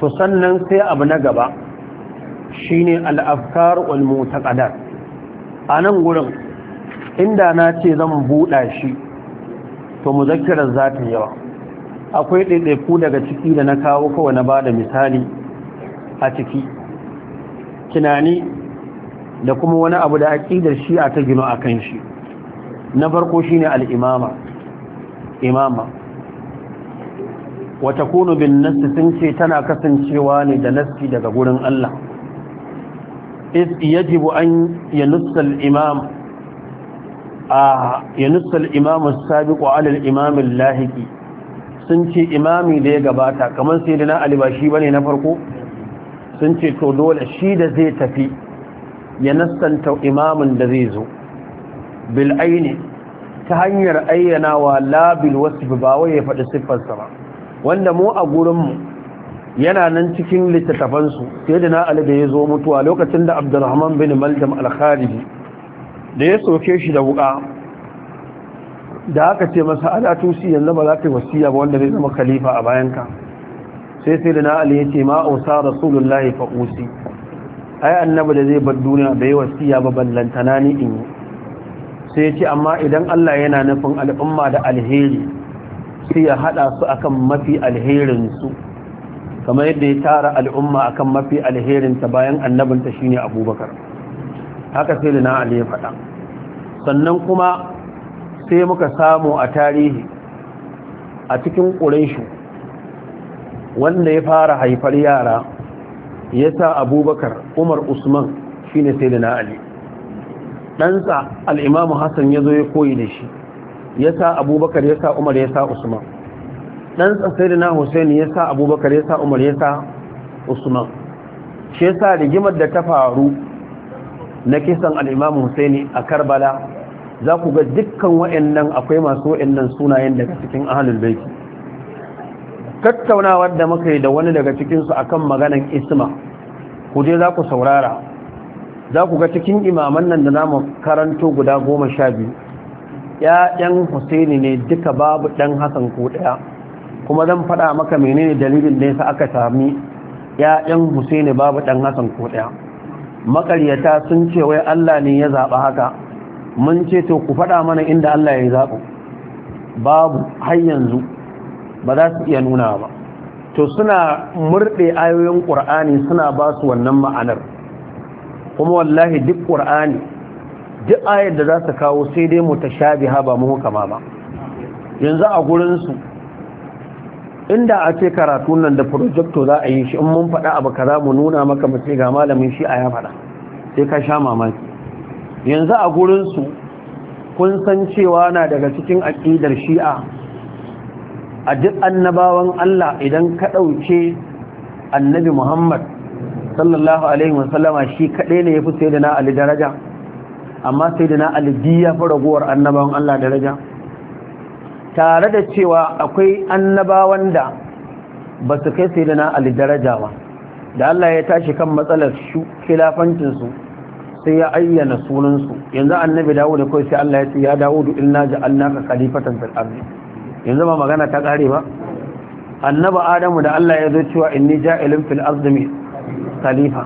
to sannan sai abu na gaba shi ne shine ulmu ta ƙadar. A nan wurin, inda na ce zan buɗa shi to mu za ta yawa akwai ɗaiɗaiku daga ciki da na kawo kawai na bada misali a ciki tunani da kuma wani abu da aƙidar a ta gino a kan shi na farko shine ne imama wata kunu bin nassi sun ce tana kasancewa ne da nassi daga gurin Allah is yajibu an yanussa al-imam a yanussa al-imam sabiqu imam lahiqi sun ce imami da ya gabata kamar sai dana Ali ba shi bane na farko sun ce to dole shi da zai tafi ya nassanta imamin da zai zo bil aini ta hanyar ayyanawa wa bil wasf ba wai ya faɗi siffarsa ba wanda mu a gurinmu yana nan cikin littattafansu sai da na ali da ya zo mutuwa lokacin da abdurrahman bin maldam al-khariji da ya soke shi da wuka da aka ce masa ala yanzu ba za ka yi wasiya ba wanda zai zama khalifa a bayanka sai sai da na ali ya ce ma ausa rasulullahi fa ai annabi da zai bar duniya bai wasiya ba ballantana ni in sai ya ce amma idan Allah yana nufin al'umma da alheri sai ya haɗa su akan mafi alherin su kamar yadda ya tara al'umma akan mafi alherin ta bayan annabinta shine abubakar haka sai da na ali ya faɗa sannan kuma sai muka samu a tarihi a cikin Quraishu wanda ya fara haifar yara yasa abubakar umar usman shine sai da na ali ɗansa al'imamu hassan ya zo ya koyi da shi ya sa abubakar ya sa umar ya sa usman ɗan da na husaini ya sa abubakar ya sa umar ya sa usman shi ya sa rigimar da ta faru na kisan al'imamu Hussein a karbala za ku ga dukkan wa'annan akwai masu wa'annan sunayen daga cikin ahalul baiki tattaunawar da muka yi da wani daga cikinsu a kan maganan isma ku je za ku saurara za ku ga cikin imaman nan da namun karanto guda goma sha biyu ‘ya'yan Husaini ne duka babu ɗan Hassan ko ɗaya, kuma zan faɗa maka menene dalilin da yasa aka sami ‘ya'yan Husaini babu ɗan Hassan ko ɗaya. Maƙaryata sun ce wai Allah ne ya zaɓa haka, mun ce to ku faɗa mana inda Allah ya zaɓa. Babu har yanzu ba za su iya nuna ba. To suna murɗe ayoyin Ƙur'ani suna ba su wannan ma'anar. Kuma wallahi duk Ƙur'ani duk ayar da za su kawo sai dai mu ta mutashabiha ba muhkama ba yanzu a gurin inda a ce karatu nan da projecto za a yi shi in mun faɗa abu kaza mu nuna maka mu ce ga malamin shi a ya faɗa sai ka sha mamaki yanzu a gurin kun san cewa na daga cikin aƙidar shi'a a duk annabawan Allah idan ka ɗauke annabi Muhammad sallallahu alaihi wasallama shi kaɗai ne ya fi sai da na Ali daraja amma sai da na alidi ya fi raguwar annabawan Allah daraja tare da cewa akwai annabawan da ba su kai sai da na daraja ba da Allah ya tashi kan matsalar kilafancinsu sai ya ayyana sunansu yanzu annabi dawo da kawai sai Allah ya ce ya dawo da inna ja'alnaka khalifatan kalifatan ardi yanzu ba magana ta ƙare ba annabi adamu da Allah ya zo cewa inni Ja'ilin fil ardi khalifa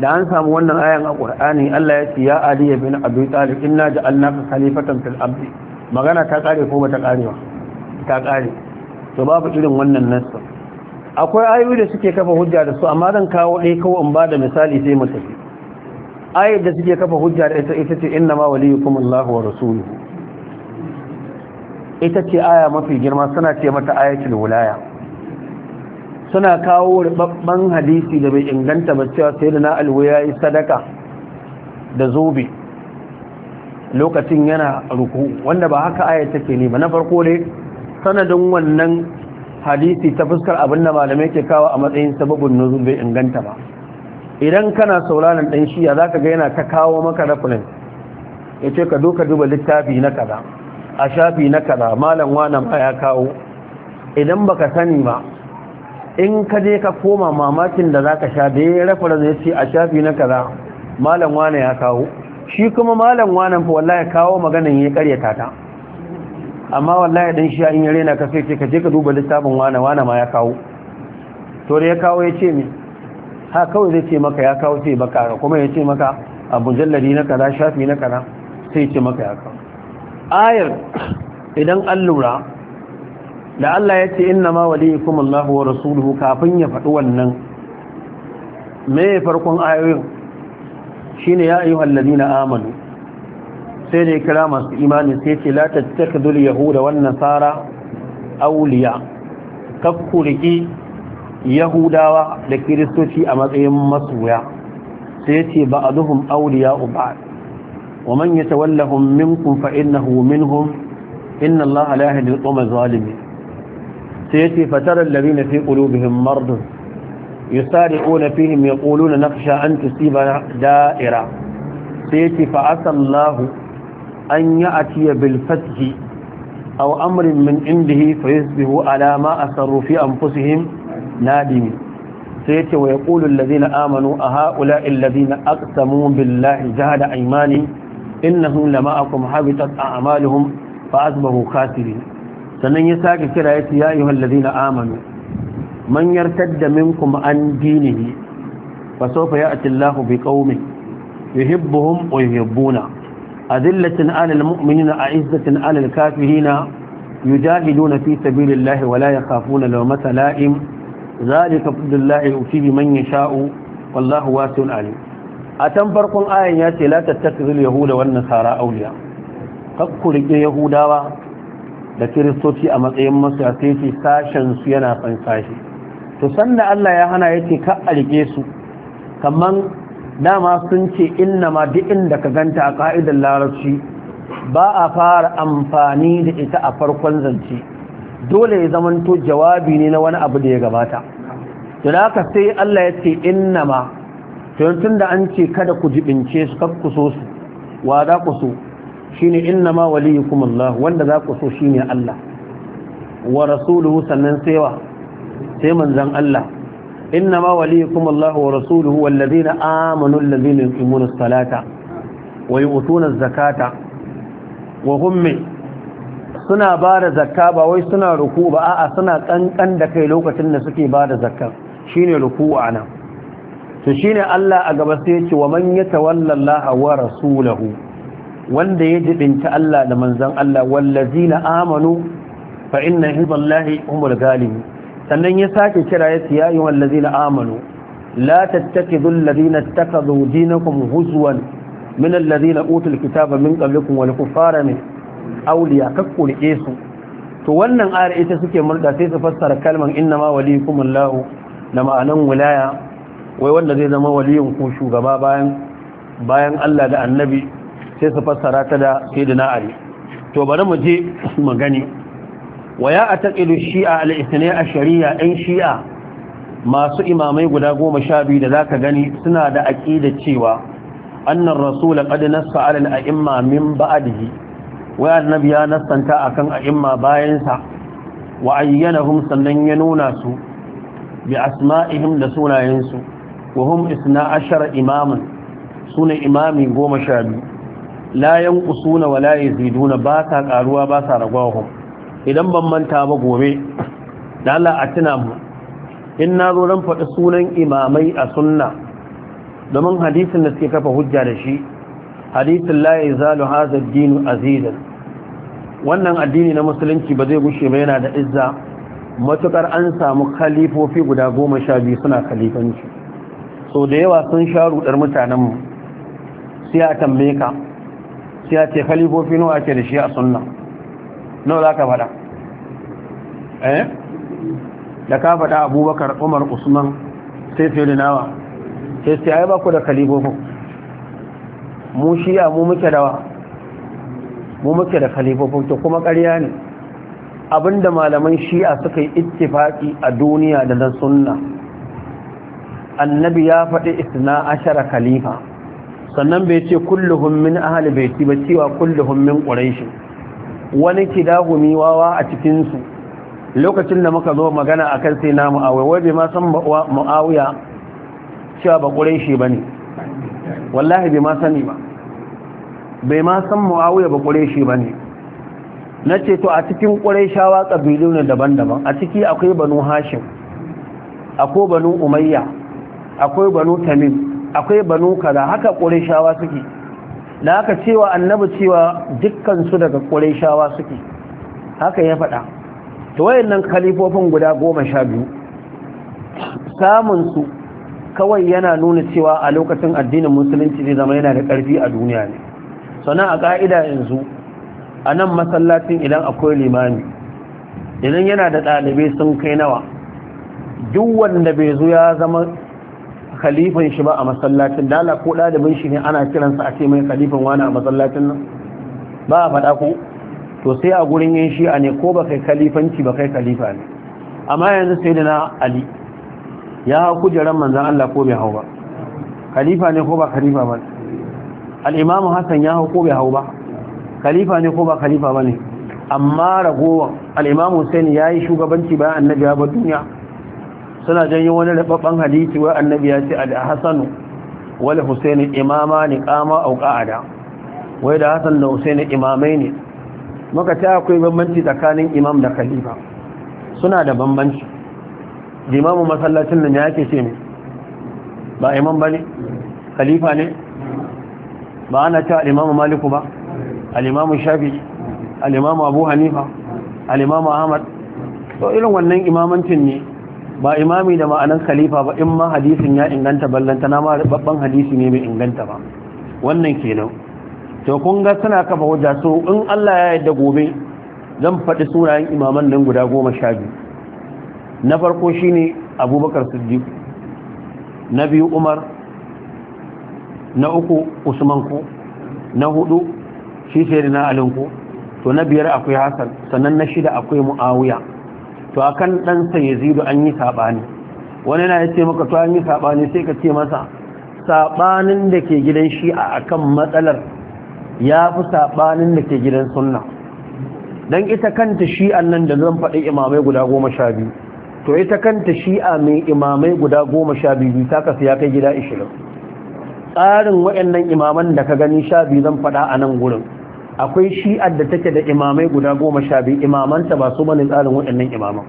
da an samu wannan ayan a ƙur'ani Allah ya ce ya Ali bin Abi Talib inna ja'alnaka khalifatan fil ardi magana ta kare ko bata kare ba ta kare to babu irin wannan nassa akwai ayoyi da suke kafa hujja da su amma zan kawo ɗaya kawai in bada misali sai mu tafi ayar da suke kafa hujja da ita ita ce inna ma waliyukum Allahu wa rasuluhu ita ce aya mafi girma suna ce mata ayatul wilaya suna kawo rubabban hadisi da bai inganta ba cewa sai da na alwaya yi sadaka da zobe lokacin yana ruku wanda ba haka aya take ne ba na farko ne sanadin wannan hadisi ta fuskar abin da malamai ke kawo a matsayin sababin nuzul bai inganta ba idan kana sauraron dan shiya zaka ga yana ta kawo maka rafulin ce ka doka duba littafi na kaza a shafi na kaza malam wana ma ya kawo idan baka sani ba in ka je ka koma mamakin da za ka sha da ya rafa da ce a shafi na kaza malam wane ya kawo shi kuma malam wanan fa ya kawo magana ya karyata ta amma ya dan shi in yare na ka sai ce ka je ka duba littafin wane wane ma ya kawo to da ya kawo ya ce me ha kawai zai ce maka ya kawo sai baka kuma ya ce maka abu jallari na kaza shafi na kaza sai ce maka ya kawo ayar idan an lura da Allah ya ce inna ma waliyukum Allah wa rasuluhu kafin ya faɗi wannan me farkon ayoyin shine ya ayyuhal ladina amanu sai ne kira masu imani sai ce la tattakhidul yahuda wan nasara awliya kafkuriki yahudawa da kiristoci a matsayin masoya sai ce ba'aduhum awliya ba'd wa man yatawallahum minkum fa innahu minhum inna Allah la yahdi al-qawma adh sai yace fataral ladina fi qulubihim mardun yusari'una fihim yaquluna nafsha an tusibana da'ira sai yace fa asallahu an ya'tiya bil fathi aw amrin min indihi fayasbihu ala ma asarru fi anfusihim nadimi sai yace wa yaqulu alladhina amanu a ha'ula'i alladhina aqsamu billahi jahada aymanihim innahum lama'akum habitat a'maluhum fa asbahu khasirin sannan ya sake kira ya ce ya yi wallazi na amanu man yartar da minkum an dinihi fa sofa ya ati Allah bi qaumi yuhibbuhum wa yuhibbuna adillatin alal mu'minina a'izzatin alal kafirina yujahiduna fi sabilillahi wa la yakhafuna lawmata la'im zalika fadlullahi bi manya sha'u. wallahu wasi'un alim a tan farkon ayan ya ce la tattakhidul yahuda wan nasara auliya kakkurike yahudawa da kiristoci a matsayin masu a sai ce sashen su yana san sashi to sanda Allah ya hana yace ka alge su kamar dama sun ce inna ma duk inda ka ganta a ka'idar larabci ba a fara amfani da ita a farkon zance dole ya zamanto jawabi ne na wani abu da ya gabata to da haka sai Allah ya ce inna ma tun da an ce kada ku jibince su kakkuso su wa za ku so shine inna ma waliyukum Allah wanda za ku so shine Allah wa rasuluhu sannan sai wa sai manzon Allah inna ma waliyukum Allah wa rasuluhu wallazina amanu allazina yuqimuna as-salata wa yu'tuna az-zakata wa hum suna bada zakka ba wai suna ruku ba a'a suna kankan da kai lokacin da suke bada zakka shine ruku ana to shine Allah a gaba sai ya ce wa man yatawalla Allah wa rasuluhu wanda ya jibinta Allah da manzan Allah wallazina amanu fa inna hizballahi humul galibi sannan ya sake kira ya siya yi wallazina amanu la tattakidu allazina ittakhadhu dinakum huzwan min allazina otal kitaba min qablikum wal kuffara min awliya kakkurike su to wannan ayar ita suke murda sai su fassara kalman inna ma waliyukum Allah na ma'anan wilaya wai wanda zai zama waliyin ku shugaba bayan bayan Allah da annabi sai su fassara ta da sayyidina ali to bari mu je mu gani waya ataqidu shi'a al-ithnai shari'a ɗan shi'a masu imamai guda goma sha biyu da zaka gani suna da aqida cewa annar rasul qad nassa ala al-a'imma min ba'dihi wa annabi ya nassanta akan a'imma bayan sa wa ayyanahum sannan ya nuna su bi asma'ihim da su wa hum 12 imaman sune imami goma sha biyu la yanqusuna wala yaziduna ba sa karuwa ba sa ragwawa idan ban manta ba gobe dan Allah a tuna mu in na zo ran faɗi sunan imamai a sunna domin hadisin da suke kafa hujja da shi hadisin la yazalu hadha ad-din wannan addini na musulunci ba zai gushe ba yana da izza matukar an samu khalifofi guda goma sha biyu suna khalifanci so da yawa sun sha rudar mutanenmu sai a tambaye sai ya ce khalifofi nawa ake da shi a sunna nawa za ka faɗa eh da ka faɗa abubakar umar usman sai fiye da nawa sai sai ai ba ku da khalifofin mu shiya mu muke dawa mu muke da khalifofin to kuma ƙarya ne abinda malaman shi'a suka yi ittifaki a duniya da na sunna annabi ya faɗi isna ashara khalifa sannan bai ce kulluhum min ahli baiti ba cewa kulluhum min quraish wani kidahu miwawa a cikin su lokacin da muka zo magana akan sai na muawiya wai bai ma san muawiya cewa ba quraish bane wallahi bai ma sani ba bai ma san muawiya ba quraish bane nace to a cikin quraishawa kabilu ne daban-daban a ciki akwai banu hashim akwai banu umayya akwai banu tamim akwai banu kaza haka ƙureshawa suke da haka cewa annabi cewa dukkansu daga ƙureshawa suke haka ya faɗa ta wayannan kalifofin guda goma sha biyu samunsu kawai yana nuna cewa a lokacin addinin musulunci zai zama yana da ƙarfi a duniya ne sannan a ƙa'ida yanzu a nan masallacin idan akwai limami idan yana da ɗalibai sun kai nawa duk wanda bai zo ya zama khalifan shi ba a masallacin dala ko ɗalibin shi ne ana kiransa a ce mai khalifan wani a masallacin nan ba a faɗa ko to sai a gurin yin shi a ne ko ba kai khalifanci ba kai khalifa ne amma yanzu sai da na ali ya hau kujeran manzan Allah ko bai hau ba khalifa ne ko ba khalifa ba al'imamu hassan ya hau ko bai hau ba khalifa ne ko ba khalifa ba ne amma ragowar al'imamu hussein ya yi shugabanci bayan annabi ya bar duniya suna janyo wani rababban hadisi wa annabi ya ce al-hasan wal Husaini imama ni qama au qa'ada wai da hasan da Husaini imamai ne muka ta akwai bambanci tsakanin imam da khalifa suna da bambanci imamu masallacin nan yake ce ne ba imam bane khalifa ne ba ana ta al-imamu maliku ba al-imamu shafi al-imamu abu hanifa al-imamu ahmad to irin wannan imamancin ne ba imami da ma'anar khalifa ba in ma hadisin ya inganta ballanta na ma babban hadisi ne mai inganta ba wannan kenan to kun ga suna kafa hujja so in Allah ya yarda gobe zan faɗi sunayen imaman nan guda goma sha biyu na farko shine abubakar siddiq na biyu umar na uku usman ko na hudu shi sai na alin ko to na biyar akwai Hassan sannan na shida akwai muawiya to akan ɗansa yazidu an yi saɓani wani na ya ce maka to an yi saɓani sai ka ce masa saɓanin da ke gidan shi'a akan matsalar ya fi saɓanin da ke gidan sunna don ita kanta shi'an nan da zan faɗi imamai guda goma sha biyu to ita kanta shi'a mai imamai guda goma sha biyu ta kasu ya kai gida ishirin tsarin waɗannan imaman da ka gani sha biyu zan faɗa a nan gurin akwai shi'ar da take da imamai guda goma sha biyu imamanta ba su bane tsarin waɗannan imaman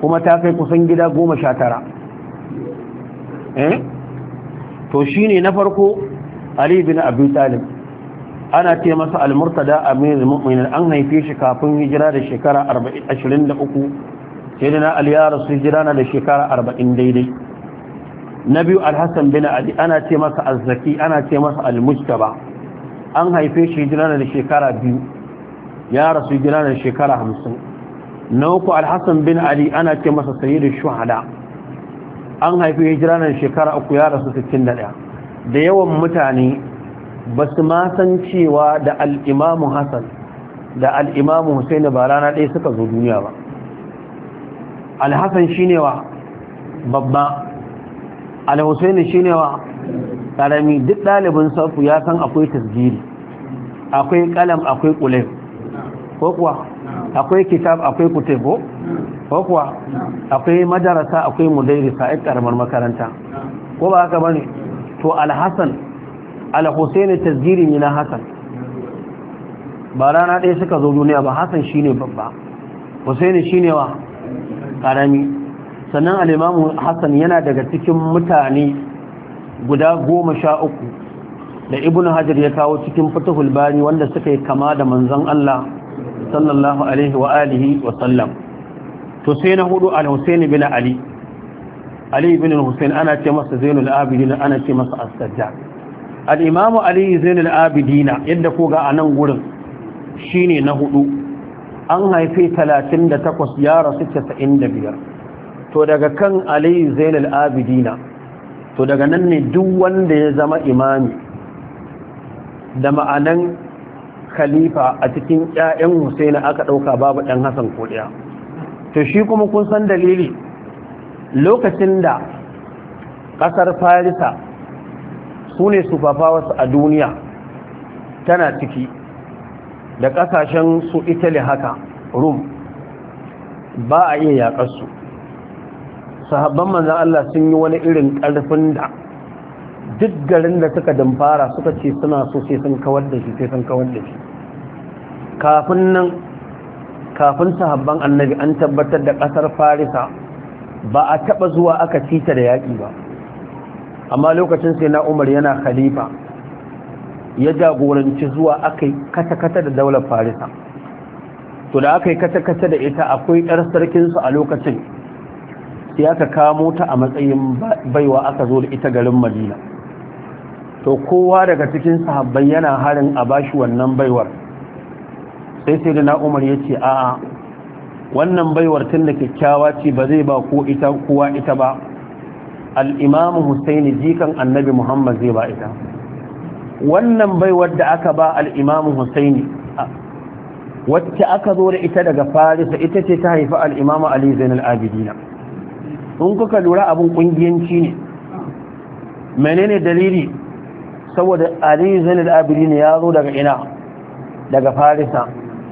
kuma ta kai kusan gida goma sha tara eh? to shi ne na farko alibin abin talib ana ce masa da amir mu'minin an haife shi kafin hijira da shekara 23 sai da na aliyar su hijira na da shekara 40 daidai na biyu alhassan bin ali ana ce masa azzaki ana ce masa almustaba an haife shi jiranar da shekara biyu ya rasu jiranar da shekara hamsin na uku alhassan bin ali ana ce masa sayyidu shuhada an haife shi jiranar da shekara uku ya rasu 61 da yawan mutane ba su ma san cewa da al'imamu hassan da al'imamu husaini ba rana ɗaya suka zo duniya ba alhassan shi ne wa babba al-husaini shine wa karami duk dalibin safu ya san akwai tasgiri akwai kalam akwai kulay ko kuwa akwai kitab akwai kutubo ko kuwa akwai madarasa akwai mudairisa a karamar makaranta ko ba haka bane to al-hasan al-husaini tasgiri ne na hasan ba rana ɗaya suka zo duniya ba hasan shine babba husaini shine wa karami sannan al'imamu hassan yana daga cikin mutane guda goma sha uku da ibn hajar ya kawo cikin fitahul bani wanda suka yi kama da manzan Allah sallallahu alaihi wa alihi wa sallam to sai na hudu al-husaini bin ali ali bin husain ana ce masa zainul abidin ana ce masa as-sajjad al-imamu ali zainul abidin yadda ko ga anan gurin shine na hudu an haife 38 ya rasu biyar. to daga kan aliyu zainal abidina to daga nan ne duk wanda ya zama imami da ma'anan khalifa a cikin 'ya'yan husaini aka ɗauka babu ɗan hasan kodiya to shi kuma kun san dalili lokacin da ƙasar farisa su ne su sufafawarsu a duniya tana ciki da ƙasashen su italy haka rum ba a iya yaƙarsu sahabban manzan Allah sun yi wani irin ƙarfin da duk garin da suka damfara suka ce suna so sai sun kawar da shi sai sun kawar da shi kafin nan kafin sahabban annabi an tabbatar da ƙasar farisa ba a taɓa zuwa aka cita da yaƙi ba amma lokacin sai na umar yana khalifa ya jagoranci zuwa aka yi kata-kata da daular farisa to da aka yi kata-kata da ita akwai ƴar sarkinsu a lokacin sai aka kamo ta a matsayin baiwa aka zo da ita garin madina to kowa daga cikin sahabbai yana harin a bashi wannan baiwar sai sai da na'umar ya ce a'a wannan baiwar tun da kyakkyawa ce ba zai ba ko ita kowa ita ba al'imamu husaini jikan annabi muhammad zai ba ita wannan baiwar da aka ba al'imamu husaini wacce aka zo da ita daga farisa ita ce ta haifi al'imamu ali zainal abidina in kuka lura abin kungiyanci ne menene dalili saboda aliyu zainal abidin ya zo daga ina daga farisa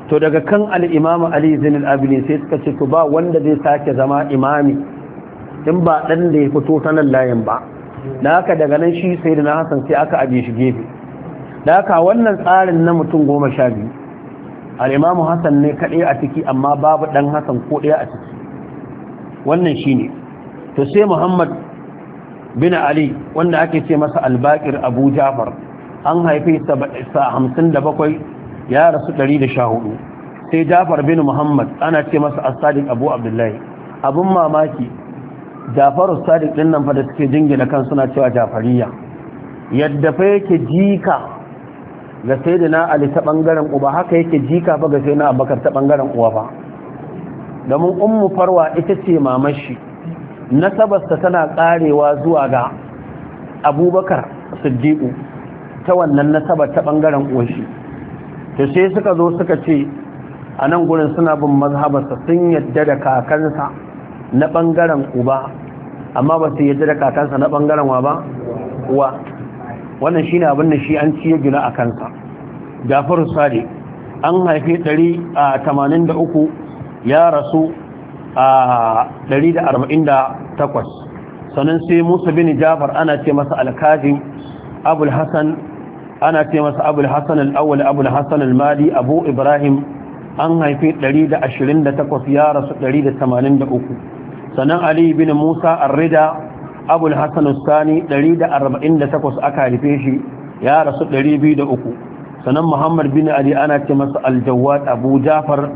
to daga kan al'imamu aliyu zainal abidin sai suka ce to ba wanda zai sake zama imami in ba ɗan da ya fito ta nan layin ba da haka daga nan shi sai da na hasan sai aka aje shi gefe da haka wannan tsarin na mutum goma sha biyu al'imamu hasan ne kaɗai a ciki amma babu ɗan hasan ko ɗaya a ciki wannan shi ne to sai muhammad bin ali wanda ake ce masa albakir abu jafar an haife sa hamsin da bakwai ya rasu ɗari da sha hudu sai jafar bin muhammad ana ce masa asadik abu abdullahi abin mamaki jafar asadik ɗin nan fada suke jingina kan suna cewa jafariya yadda fa yake jika ga sai da na ali ta ɓangaren uba haka yake jika fa ga sai na abakar ta ɓangaren uwa ba mun ummu farwa ita ce mamashi nasabarsa tana karewa zuwa ga abubakar siddiƙu ta wannan nasabar ta ɓangaren ƙunshi Ta sai suka zo suka ce a nan gurin suna bin mazhabarsa sun yadda da kakansa na ɓangaren ƙuba amma ba su yadda da kakansa na ɓangaren wa ba wa wannan ne abin da shi an ciye gina a kansa jafaru sadiq an haife 183 ya rasu 148 sannan sai musa bin jafar ana ce masa alkazin Abulhassan ana ce masa abul hassan Abulhassan abul al-mali abu ibrahim an haifi 128 ya rasu 183 sannan ali bin musa arrida abul hassan al-sani 148 aka haife shi ya rasu 203 sannan muhammad bin ali ana ce masa aljawad abu jafar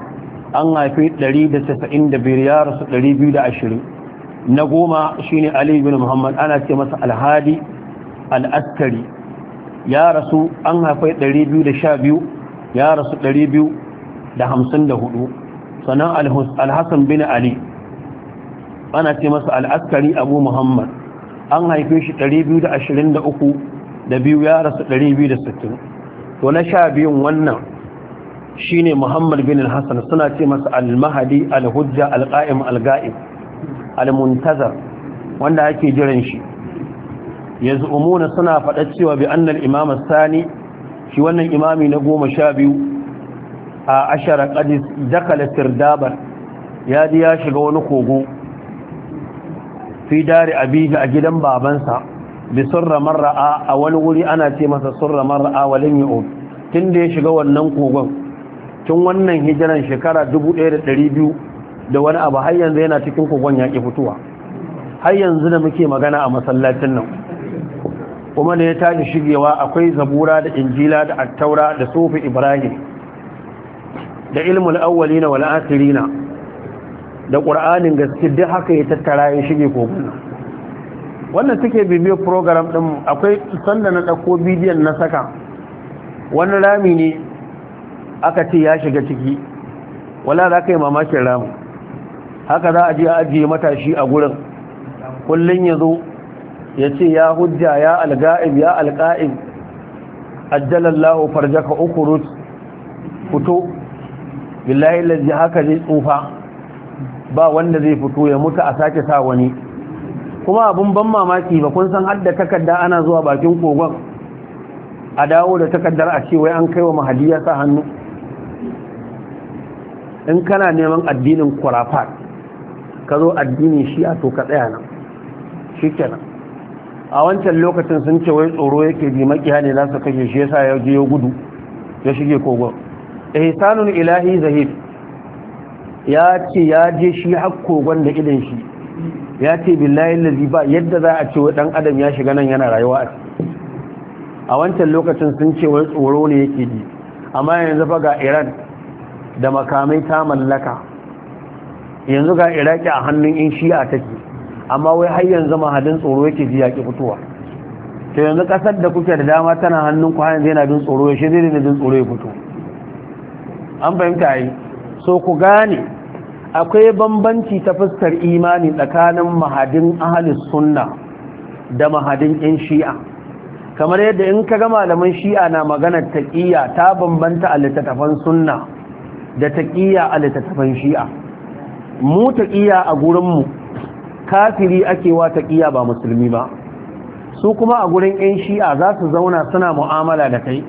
an haifi 195 ya rasu 220 na goma shine Ali bin Muhammad ana ce masa al al'askari ya rasu an haifi 212 ya rasu 254 sannan Al-Hassan bin Ali ana ce masa al'askari askari Abu Muhammad an haife shi 223 da biyu ya rasu 260 to na sha biyun wannan Shi ne Muhammad bin Hassan suna ce masa al-Mahdi al-Hujja al-Qa'im al-Ga'ib al muntazar wanda ake jiran shi Umuna suna faɗa cewa bi anna imam sani shi wannan imami na goma sha biyu a ashara qadis dakala sirdabar ya ji ya shiga wani kogo fi dare abihi a gidan babansa bi surra marra'a a wani wuri ana ce masa surra marra'a walin yu'ud tunda ya shiga wannan kogon tun wannan hijiran shekara 1200 da wani abu har yanzu yana cikin kogon yaƙi fituwa har yanzu da muke magana a masallacin nan kuma da ya tashi shigewa akwai zabura da injila da attaura da sufi ibrahim da ilmul awwalina wal akhirina da qur'anin gaske duk haka ya tattara ya shige kogon nan wannan take bibiyar program din akwai sanda na dauko bidiyon na saka wani rami ne aka ce ya shiga ciki wala za ka yi mamakin ramu haka za a je a ajiye matashi a gurin kullum ya zo ya ce ya hujja ya alga'ib ya alka'ib ajjalallahu farjaka ukurut fito billahi lalzi haka zai tsufa ba wanda zai fito ya mutu a sake sa wani kuma abun ban mamaki ba kun san hadda takarda ana zuwa bakin kogon a dawo da takardar a cewa an kai wa mahadi ya sa hannu in kana neman addinin kurafat ka zo addini shi'a to ka tsaya nan shi kenan a wancan lokacin sun ce wai tsoro yake ji makiya ne za su kashe shi yasa ya je ya gudu ya shige kogon ihsanul ilahi zahid ya ce ya je shi har kogon da idan shi ya ce billahi lazi ba yadda za a ce wa dan adam ya shiga nan yana rayuwa a a wancan lokacin sun ce wai tsoro ne yake ji amma yanzu fa ga Iran da makamai ta mallaka yanzu ga iraki a hannun in shi'a take amma wai har yanzu mahadin tsoro yake ji yaƙi fitowa to yanzu ƙasar da kuke da dama tana hannun ku yanzu yana jin tsoro ya shirya da jin tsoro ya fito an fahimta yi so ku gane akwai bambanci ta fuskar imani tsakanin mahadin ahalis sunna da mahadin yan shi'a kamar yadda in ka ga malaman shi'a na maganar taƙiyya ta bambanta a littattafan sunna da taƙiya a littattafan shi'a mu taƙiya a gurinmu kafiri ake wa taƙiya ba musulmi ba su kuma a gurin 'yan shi'a za su zauna suna mu'amala da kai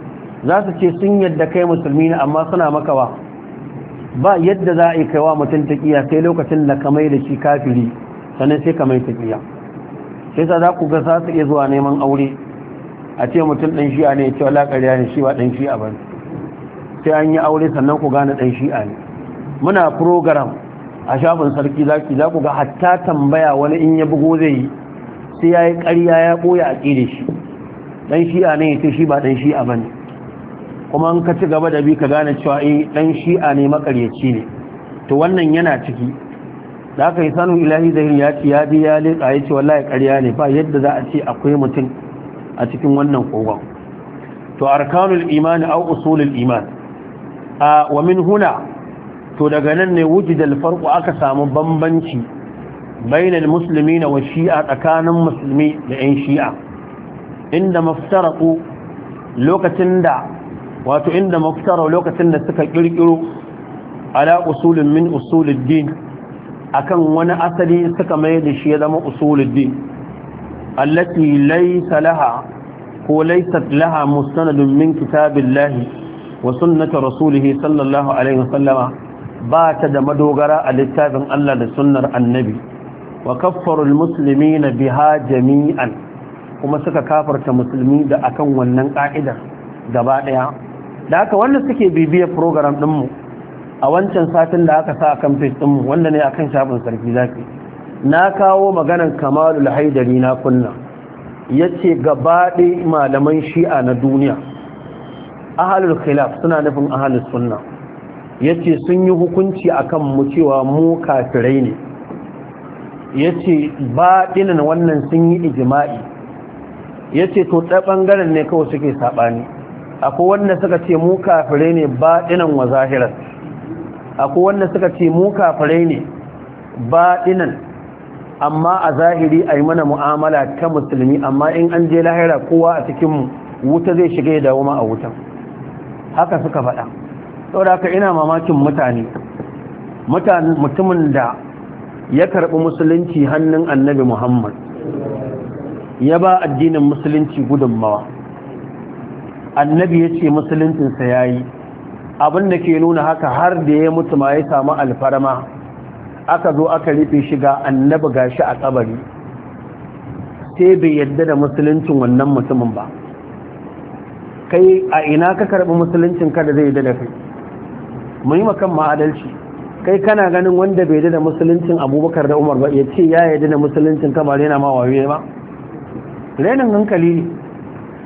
za su ce sun yadda kai musulmi ne amma suna makawa ba yadda za a yi kaiwa mutum ƙiya sai lokacin da ka mai da shi kafiri sannan sai ka mai ƙiya sai sa za ku ga za su iya zuwa neman aure a ce mutum ɗan shi'a ne ya ce wala ƙarya ne shi ba ɗan shi'a ba ne sai an yi aure sannan ku gane ɗan shi'a ne muna program a shafin sarki zaki za ku ga hatta tambaya wani in ya bugo zai yi sai ya yi ƙarya ya ɓoye a ƙi shi ɗan shi'a ne ya shi ba ɗan shi'a ba ne kuma an ka ci gaba da bi ka gane cewa eh ɗan shi'a ne makaryaci ne to wannan yana ciki da aka yi sanu ilahi da ya ci ya bi ya leƙa ya ce wallahi ƙarya ne ba yadda za a ce akwai mutum a cikin wannan kogon to arkanul imani au usulul iman a wa min huna to daga nan ne wujidal farqu aka samu bambanci bainal muslimina wa shi'a tsakanin musulmi da yan shi'a inda lokacin da wato inda maftara lokacin da suka kirkiro ala usulin min din, akan wani asali suka mai da shi ya zama usuluddin allati laysa laha ko laysat laha mustanadun min kitabillahi wa sunnata rasulihi sallallahu alaihi wasallama ba ta da madogara a littafin Allah da sunnar annabi wa kaffarul muslimina biha jami'an kuma suka kafarta musulmi da akan wannan ka'idar gaba daya da haka wanda suke bibiya program din mu a wancan satin da aka sa akan page mu. wanda ne akan shafin sarki zaki na kawo maganar kamalul haidari na kunna yace gaba malaman shi'a na duniya ahalul khilaf suna nufin ahalul sunna yace sun yi hukunci akan mu cewa mu kafirai ne yace ba dinin wannan sun yi ijma'i yace to ta bangaren ne kawai suke sabani akwai wanda suka ce mu kafirai ne ba dinin wa zahira akwai wanda suka ce mu kafirai ne ba dinin amma a zahiri ayi mana mu'amala ta musulmi amma in an je lahira kowa a cikin mu wuta zai shiga ya dawo ma a wutan haka suka faɗa saboda haka ina mamakin mutane mutumin da ya karɓi musulunci hannun annabi muhammad ya ba addinin musulunci gudunmawa annabi ya ce musuluncinsa ya yi da ke nuna haka har da ya mutu ma ya samu alfarma aka zo aka rufe shiga annabi gashi a tsabari sai bai yadda da musuluncin wannan mutumin ba kai a ina ka karɓi musuluncin ka da zai da kai mu yi makan ma'adalci kai kana ganin wanda bai da musuluncin abubakar da umar ba ya ce ya yi da musuluncin ka ba rena ma ba renin hankali ne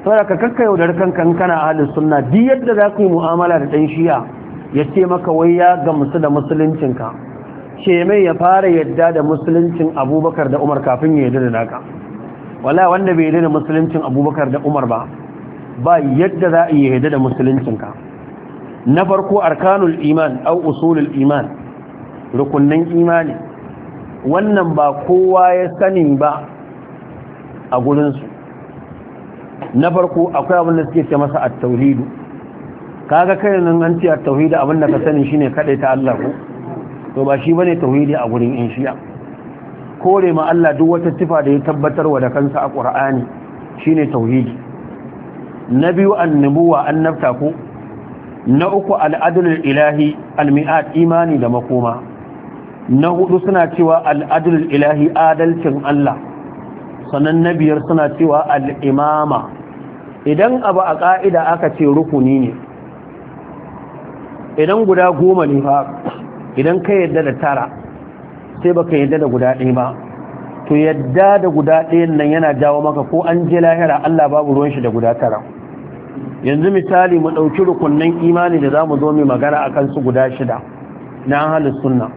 saboda ka kakka yaudar kanka kana ahalin sunna duk yadda za ku yi mu'amala da ɗan shi'a ya ce maka wai ya gamsu da musuluncin ka ce mai ya fara yadda da musuluncin abubakar da umar kafin ya yi da naka wala wanda bai yadda da musuluncin abubakar da umar ba ba yadda za a yi yadda da musuluncinka na farko arkanul iman au usulul iman rukunin imani wannan ba kowa ya sani ba a gurinsu na farko akwai abin da suke ce masa at-tauhidu kaga kai nan an ce at abin da ka sani shine kadai ta Allah ko to ba shi bane tauhidi a gurin in kore ma Allah duk wata sifa da ya tabbatar tabbatarwa da kansa a Qur'ani shine tauhidi na biyu annabuwa annabta ko na uku al'adulul ilahi almi'ad imani da makoma na hudu suna cewa al'adulul ilahi adalcin Allah sannan na biyar suna cewa al'imama idan abu a ƙa'ida aka ce rukuni ne idan guda goma ne fa idan ka yadda da tara sai baka yadda da guda ɗaya ba to yadda da guda ɗayan nan yana jawo maka ko an je lahira Allah babu ruwan shi da guda tara yanzu misali mu ɗauki rukunnan imani da za mu zo mai magana a kansu guda shida na halin sunna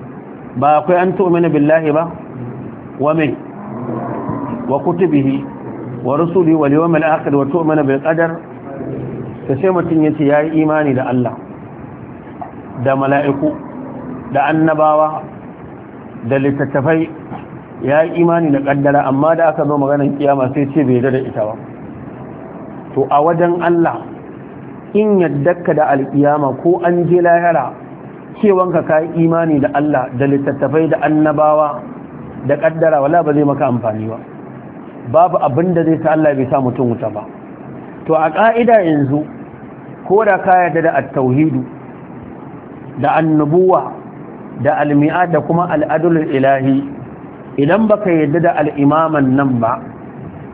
ba akwai an tu'mina billahi ba wa mai wa kutubihi wa rusuli wa liyawmil akhir wa tu'mina bil qadar ta sai mutum yace yayi imani da Allah da mala'iku da annabawa da littattafai yayi imani da kaddara amma da aka zo maganar kiyama sai ce bai da ita ba to a wajen Allah in yaddaka da alƙiyama ko an je lahira cewanka ka yi imani da Allah da littattafai da annabawa da ƙaddara wala ba zai maka amfani ba babu abin da zai sa Allah bai sa mutum wuta ba to a ƙa'ida yanzu ko da ka yarda da at-tauhidu da annubuwa da almi'ad da kuma al'adul ilahi idan baka yarda da al'imaman nan ba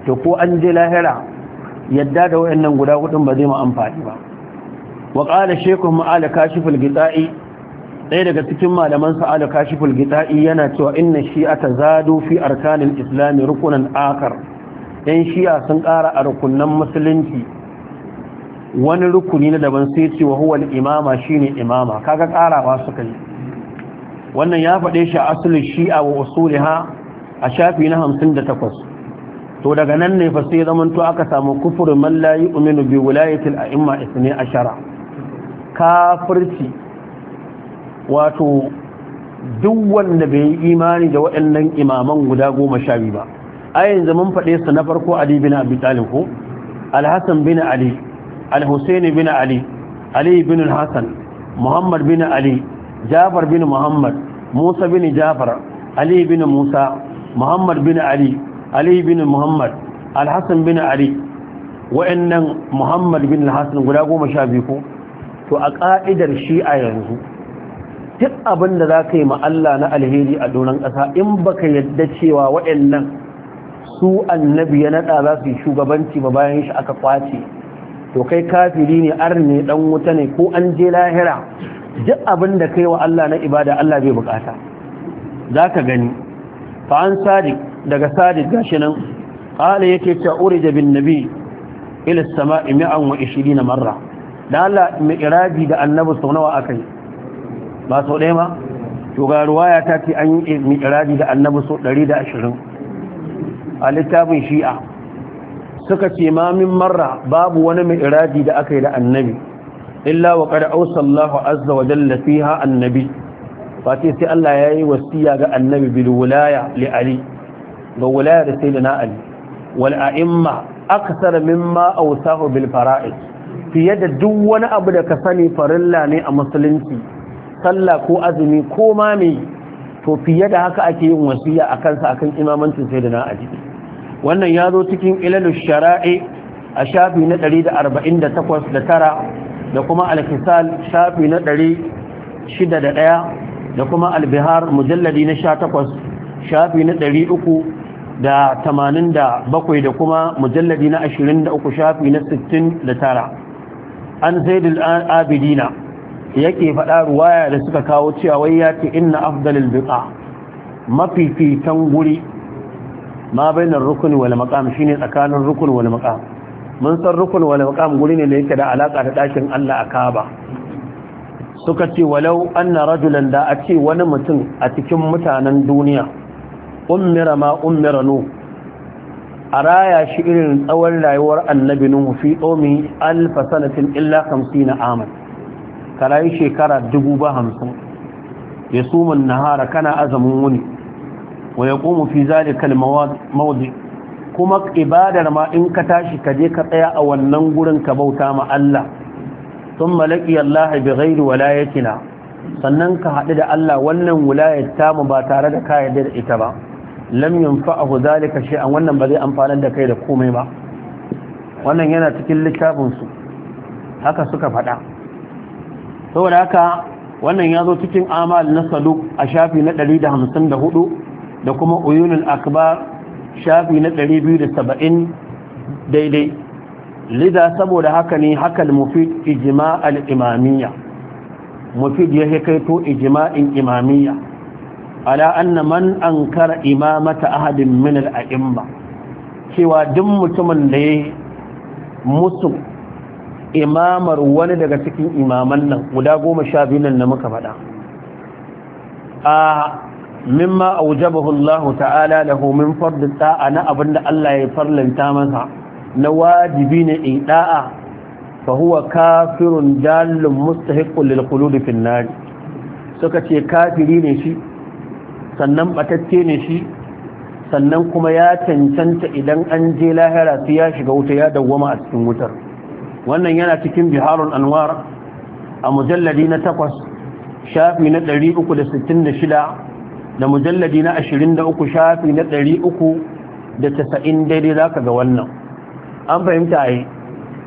to ko an je lahira yadda da wayannan guda hudun ba zai mu amfani ba wa qala shaykhum ala kashiful gita'i daga cikin malaman sa ala kashiful gita'i yana cewa inna shi'ata zadu fi arkanil islam rukunan akar yan shi'a sun ƙara a rukunan musulunci wani rukuni na daban sai ce wa huwa al-imama shine imama kaga ƙarawa suka yi wannan ya faɗe shi a asulin shi'a wa usuliha a shafi na 58 to daga nan ne fa sai zaman to aka samu kufur man la yu'minu bi wilayatil a'imma isni ashara kafirci wato duk wanda bai yi imani da waɗannan imaman guda goma sha biyu ba a yanzu mun faɗe su na farko ali bin abi talib ko al-hasan bin ali al-husayn bin ali ali bin al-hasan muhammad bin ali jafar bin muhammad musa bin jafar ali bin musa muhammad bin ali ali bin muhammad alhassan bin ali wa'annan muhammad bin alhassan guda goma sha biyu ko to a ƙa'idar shi a yanzu duk abinda da za ka yi na alheri a doron ƙasa in baka yadda cewa waɗannan su annabi ya naɗa za su yi shugabanci ba bayan shi aka kwace to kai kafiri ne arne ne ɗan wuta ne ko an je lahira duk abin da kai wa Allah na ibada Allah bai bukata za ka gani an sadiq daga sadid gashi nan ya yake ta urija bin nabi ila samai mi'an wa 20 marra da Allah mi'rabi da annabi sau nawa akai ba sau ɗaya ma to ga ruwaya ta ce an yi mi'rabi da annabi sau ashirin. a littafin shi'a suka ce ma min marra babu wani mi'rabi da aka yi da annabi illa wa qad awsallahu azza wa jalla fiha annabi fa sai Allah ya yi wasiya ga annabi bil wilaya li ali ga wulayar sayyidina ali wal a'imma aksar mimma awsahu bil fara'id fiye da duk wani abu da ka sani farilla ne a musulunci sallah ko azumi ko ma me to fiye da haka ake yin wasiya akan sa akan imamancin sayyidina ali wannan ya zo cikin ilalu shara'i a shafi na 148 da tara da kuma al shafi na da kuma mujalladi na 18 shafi na da tamanin da bakwai da kuma mujalladi na ashirin da uku shafi na sittin da tara an zaidul abidina yake faɗa ruwaya da suka kawo cewa wai ya ce inna afdalil biqa mafifitan guri ma bainar rukuni wal maqam shine tsakanin rukun wal maqam mun san rukun wal maqam guri ne da yake da alaka da ɗakin Allah a Kaaba suka ce walau anna rajulan da a ce wani mutum a cikin mutanen duniya ummira ma ummira nu a raya shi irin tsawon rayuwar annabi nuhu fi tsomi alfa sanatin illa kamsi na aman ka rayu shekara dubu ba hamsin ya suman nahara kana azamin wuni wa ya ƙomu fi zaɗi mawadi kuma ibadar ma in ka tashi ka je ka tsaya a wannan gurin ka bauta ma Allah sun malaki Allah bi ghairi walayatina sannan ka haɗu da Allah wannan wulayar tamu ba tare da ka yarda da ita ba lam yunfa'ahu zalika shay'an wannan ba zai amfanar da kai da komai ba wannan yana cikin littafin su haka suka faɗa saboda haka wannan ya zo cikin amal na saduq a shafi na 154 da kuma uyunul akbar shafi na 270 daidai lida saboda haka ne haka al-mufid ijma' al-imamiyya mufid kai kaito ijma'in imamiyya ala anna man ankara imamata ahadin min al cewa duk mutumin da ya musu imamar wani daga cikin imaman nan guda goma sha biyu nan na muka faɗa a mimma aujabahu Allah ta'ala lahu min fard da'a na abinda Allah ya farlanta masa na wajibi ne in da'a fa huwa kafirun dalun mustahiqun lil khulud fi an-nar suka ce kafiri ne shi sannan batacce ne shi sannan kuma ya cancanta idan an je lahira su ya shiga wuta ya dawwama a cikin wutar wannan yana cikin biharun anwar a mujalladi na takwas shafi na 366 da mujalladi na 23 shafi na 390 daidai za ka ga wannan an fahimta yi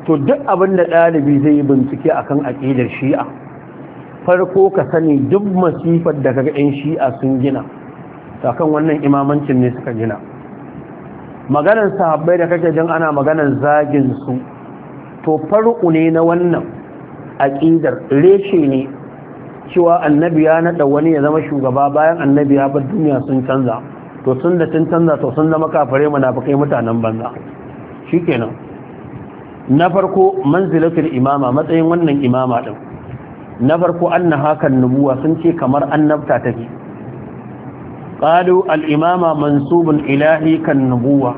to duk abin da ɗalibi zai yi bincike akan aƙidar shi'a farko ka sani duk masifar da kaga 'yan shi'a sun gina Sakan wannan imamancin ne suka gina maganar sahabbai da kake jin ana maganar zagin su to farko ne na wannan aƙidar reshe ne cewa annabi ya nada wani ya zama shugaba bayan annabi ya bar duniya sun canza to sun da tun canza to sun zama kafare munafikai mutanen banza shikenan na farko manzilatul imama matsayin wannan imama din na farko anna hakan nubuwa sun ce kamar annabta take qalu al imama mansubun ilahi kan nubuwa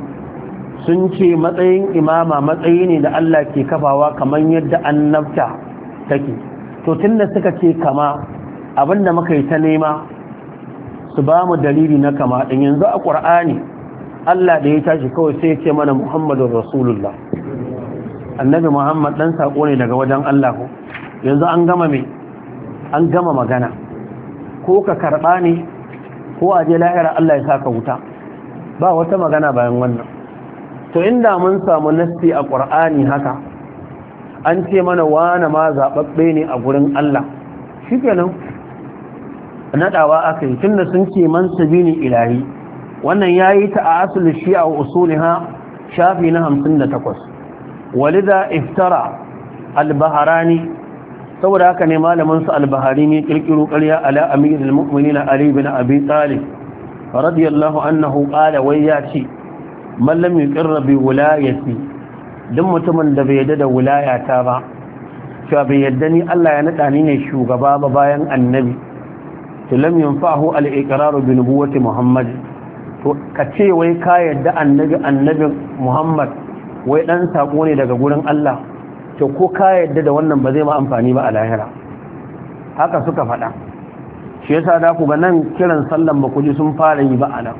sun ce matsayin imama matsayi ne da Allah ke kafawa kamar yadda annabta take to tunda suka ce kama abinda muka yi ta nema su bamu dalili na kama din yanzu a qur'ani Allah da ya tashi kawai sai ya ce mana muhammadur rasulullah annabi muhammad dan sako ne daga wajen Allah ko yanzu an gama magana ko ka karɓa ne ko a je lahira Allah ya saka wuta ba wata magana bayan wannan to inda mun samu nasti a ƙur'ani haka an ce mana wane ma zaɓaɓɓe ne a gurin Allah shi kenan naɗawa aka yi tunda sun ce man ilahi wannan ya yi ta a asali shi a usuliha shafi na 58 walida iftara al-baharani saboda haka ne malamin su al-bahari ne kirkiro ƙarya ala amirul mu'minina ali bin abi talib radiyallahu anhu qala wai ya ce Mallam yuqirra bi wilayati duk mutumin da bai yadda da wilayata ba cewa bai yadda ni Allah ya nada ni ne shugaba ba bayan annabi to lam yanfa'hu al-iqrar bi nubuwwati muhammad to ka ce wai ka yadda annabi annabin muhammad wai dan sako ne daga gurin Allah to ko ka yadda da wannan ba zai ma amfani ba a lahira haka suka faɗa shi yasa da ku ga nan kiran sallan ba ku ji sun fara yi ba a nan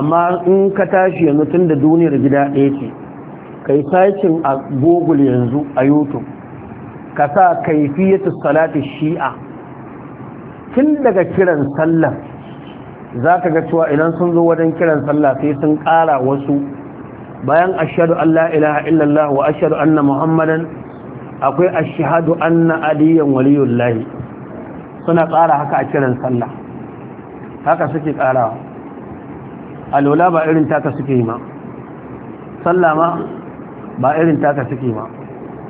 amma in ka tashi yanzu tun da duniyar gida ɗaya ce kai sakin a google yanzu a youtube ka sa kaifiyatu salati shi'a tun daga kiran sallar za ka ga cewa idan sun zo wajen kiran sallah sai sun ƙara wasu bayan ashhadu an la illallah wa ashhadu anna muhammadan akwai ashhadu anna aliyan waliyullahi suna ƙara haka a kiran sallah haka suke ƙarawa alola ba irin taka suke yi ma sallah ma ba irin taka suke ma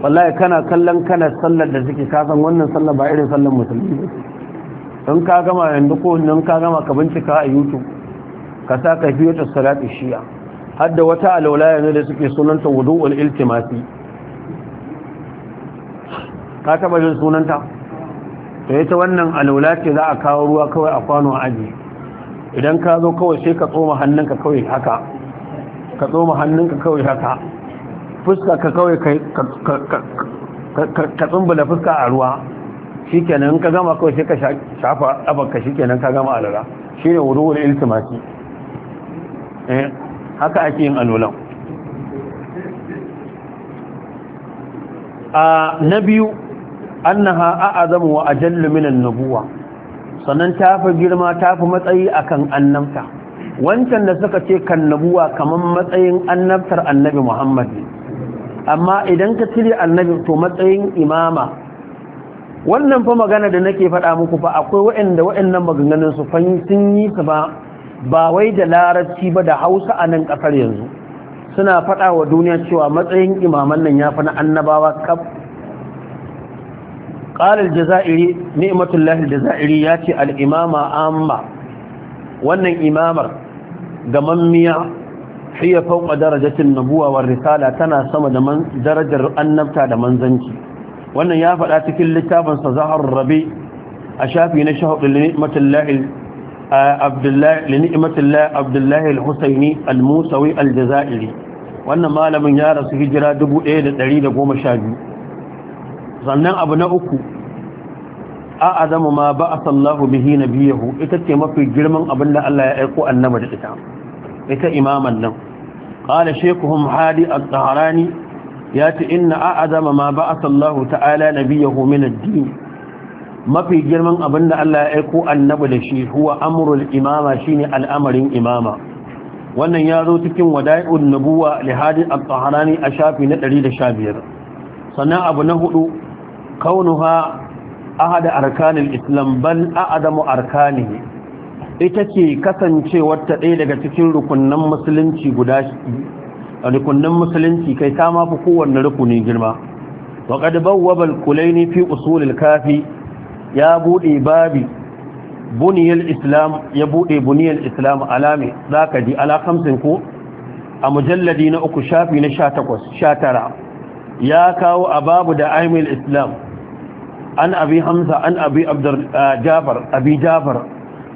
wallahi kana kallon kana sallar da suke kasan wannan sallar ba irin sallar musulmi ba in ka gama yanzu ko in ka gama ka bincika a youtube ka sa ka biyo ta salatu shiya. har da wata alaulaya ne da suke sunanta wudu'ul iltimasi ka taba jin sunanta to ita wannan alaula ce za a kawo ruwa kawai a kwano aji idan ka zo kawai sai ka tsoma hannunka kawai haka ka tsoma hannunka kawai haka fuska ka kawai ka tsumbula fuska a ruwa shikenan ka gama kawai sai ka shafa abarka shikenan ka gama alala shine wudu'ul iltimasi eh haka ake yin alolan a na biyu annaha a'azamu wa ajallu minan nabuwa sannan ta fi girma ta fi matsayi a kan annabta wancan da suka ce kan nabuwa kamar matsayin annabtar annabi Muhammad amma idan ka cire annabi to matsayin imama wannan fa magana da nake faɗa muku fa akwai waɗanda waɗannan maganganun su sun yi su ba ba wai da larabci ba da hausa a nan ƙasar yanzu suna faɗa wa duniya cewa matsayin imaman nan ya fi na annabawa kaf ƙalar jaza'iri ni'matullahi jaza'iri ya ce al'imama amma wannan imamar gamammiya hiya fauƙa darajatin nabuwa risala tana sama da darajar annabta da manzanci wannan ya faɗa cikin littafinsa zahar rabi a shafi na shahudin ni'matullahi abdullahi lini'matullahi abdullahi al-husaini al-musawi al-jazairi wannan malamin ya rasu hijira 1112 sannan abu na uku a adamu ma ba a sallahu bihi ita ce mafi girman abin da Allah ya aiko annaba da ita ita imaman nan qala shekuhun hadi al ya ce inna a adama ma ba a sallahu ta'ala na biyahu ad mafi girman abinda Allah ya aiko annabi da shi huwa amrul imama shine al'amarin imama wannan ya zo cikin wada'i'un nubuwa Lihadi al at a shafi na 115 sannan abu na hudu kaunuha ahad arkanil islam bal a'damu arkanihi ita ce kasancewar ta ɗaya daga cikin rukunnan musulunci guda rukunnan musulunci kai ta mafi kowanne rukuni girma وقد بوب الكليني في أصول الكافي ya buɗe babi buniyar islam ya buɗe buniyar islam alame za ka ji alakamsin ko a mujalladi na uku shafi na sha takwas sha tara ya kawo a babu da aimil islam an abi hamza an abi jabar abi jabar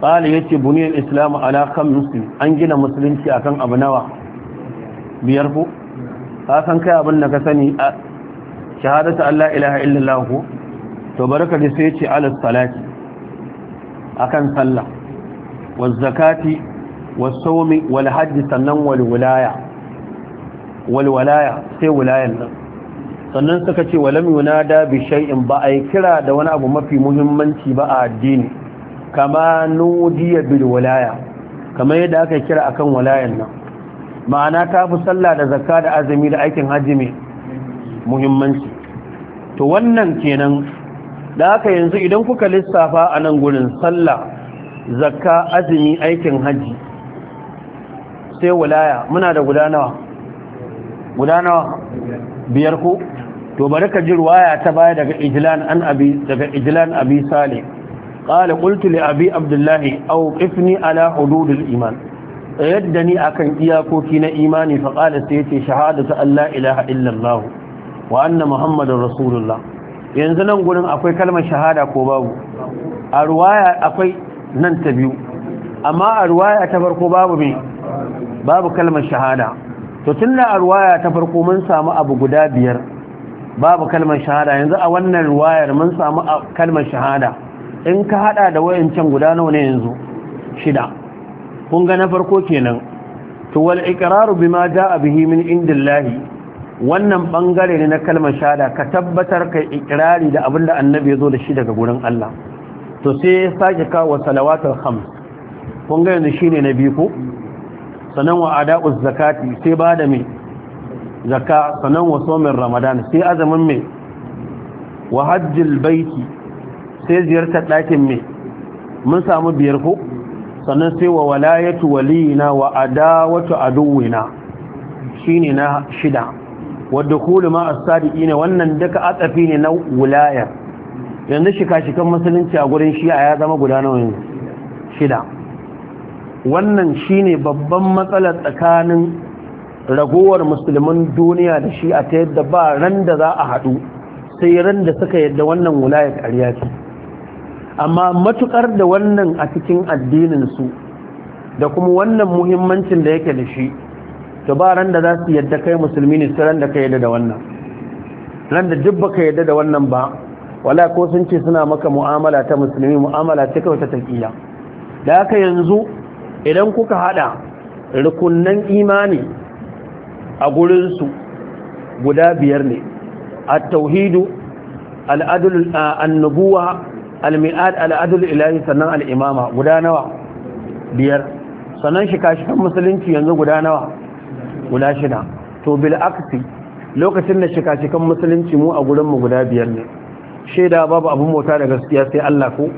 ƙala ya ce buniyar islam alakamsin an gina musulunci akan abu nawa biyar ku? ka san kai abin da ka sani a shahadata allah ilaha illallah ku? to baraka ji sai ce ala salati akan sallah waz zakati was sawmi wal hajj sannan wal wilaya wal wilaya sai wilayan nan sannan suka ce walam yunada bi shay'in ba ai kira da wani abu mafi muhimmanci ba a addini kama nudiya bil wilaya kamar yadda aka kira akan wilayan nan ma'ana ta fi sallah da zakka da azumi da aikin hajji mai muhimmanci to wannan kenan da haka yanzu idan kuka lissafa a nan gurin sallah zakka azumi aikin hajji sai walaya muna da gudanawa gudanawa biyar ko to bari ka ji ruwaya ta baya daga ijlan an abi daga ijlan abi salih qala qultu li abi abdullahi aw ala hudud al yaddani akan iyakoki na imani fa qala sai yace shahadatu an la ilaha illa allah wa anna muhammadar rasulullah yanzu nan gudun akwai kalmar shahada ko babu a ruwaya akwai nan ta biyu amma a ruwaya ta farko babu mai babu kalmar shahada to tunda a ruwaya ta farko mun samu abu guda biyar babu kalmar shahada yanzu a wannan ruwayar mun samu kalmar shahada in ka hada da can guda nawa ne yanzu shida kun ga na farko kenan to wal iqraru bima jaa bihi min indillahi wannan bangare ne na kalmar shahada ka tabbatar kai ikirari da abin da annabi ya zo da shi daga gurin Allah to sai ya sake kawo salawatul khams kun ga yanzu shine na biyu ko sanan wa ada'uz zakati sai ba da me zakka sanan wa somin ramadan sai azumin me wa hajjil baiti sai ziyartar ɗakin me mun samu biyar ko sannan sai wa walayatu waliyina wa adawatu aduwina shine na shida wadda kulu ma a ne wannan duka atsafi ne na wulaya yanzu shika-shikan musulunci a gurin shi'a ya zama guda nawa shida wannan shine babban matsalar tsakanin ragowar musulman duniya da shi'a ta yadda ba ran da za a haɗu sai ran da suka yadda wannan wulaya ƙarya ce amma matukar da wannan a cikin addininsu da kuma wannan muhimmancin da yake da shi to ba ran da za su yadda kai musulmi ne su ran da ka yadda da wannan ran da duk baka yadda da wannan ba wala ko sun ce suna maka mu'amala ta musulmi mu'amala ta kawai ta taqiya da haka yanzu idan kuka haɗa rukunnan imani a gurin su guda biyar ne at-tauhidu al-adl an-nubuwa al-mi'ad al ilahi sannan al-imama guda nawa biyar sannan shika-shikan musulunci yanzu guda nawa guda shida to bil aksi lokacin da shika cikin musulunci mu a gurinmu guda biyar ne shaida babu abin mota da gaskiya sai Allah ko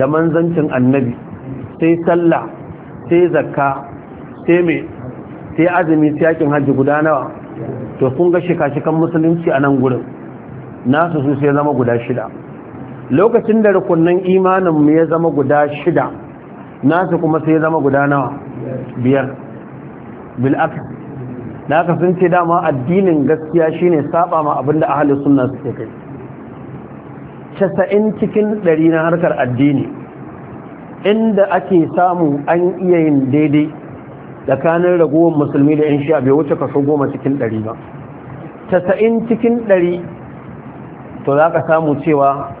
da manzancin annabi sai sallah sai zakka sai mai sai azumi sai yakin hajji guda nawa to kun ga shika cikin musulunci a nan gurin nasu su sai zama guda shida lokacin da rukunnan imanin mu ya zama guda shida nasu kuma sai zama guda nawa biyar bil aksi da aka sun ce dama addinin gaskiya shine saba ma abinda ahalin sunna suke kai casa'in cikin ɗari na harkar addini inda ake samu an iya yin daidai tsakanin ragowar musulmi da 'yan sha bai wuce kaso goma cikin ɗari ba casa'in cikin ɗari to za ka samu cewa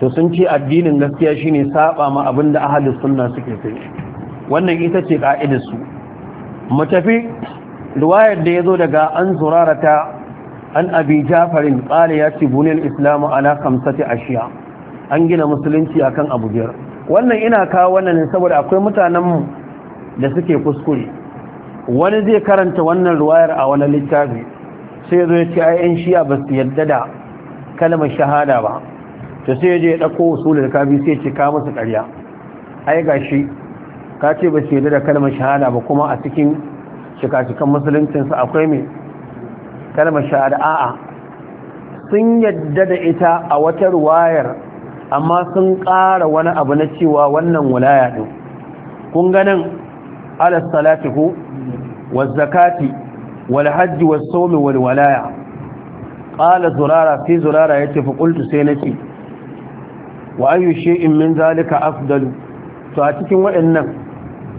to sun ce addinin gaskiya shine saba ma abinda ahalin sunna suke kai wannan ita ce ka'idarsu mu tafi ruwayar da ya zo daga an zurarata an abi jafarin ƙala ya ci buniyar islamu ala kamsati ashiya an gina musulunci akan abu biyar wannan ina kawo wannan ne saboda akwai mutanenmu da suke kuskure wani zai karanta wannan ruwayar a wani littafi sai zo ya ce ayyan shiya ba su yarda da kalmar shahada ba to sai je ya ɗauko usulul kafi sai ce ka musu ƙarya ai gashi ka ce ba su yarda da kalmar shahada ba kuma a cikin cika-cikan musuluncinsu akwai mai kalmar shahada a'a sun yadda da ita a wata ruwayar amma sun ƙara wani abu na cewa wannan wulaya ɗin kun ganin alas salati ko wazzakati wal hajji was sawmi wal walaya qala zurara fi zurara ya fa qultu sai nace wa ayu shay'in min zalika afdalu to a cikin waɗannan